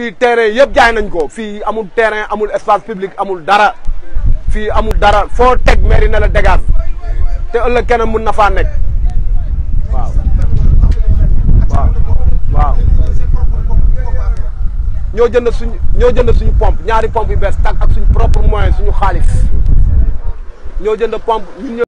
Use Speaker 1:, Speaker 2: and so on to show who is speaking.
Speaker 1: fii terrain yëpp jaay nañ ko fii amul terrain amul espace public amul dara fii amul dara foo teg mairie ne la dégage te ëllëg keneen mun na faa nekk waaw waaw waaw ñoo jënd suñu ñoo jënd suñu pompe ñaari pompe yu bees tàkk ak suñu propre moyen suñu xaalis
Speaker 2: ñoo jënd pompe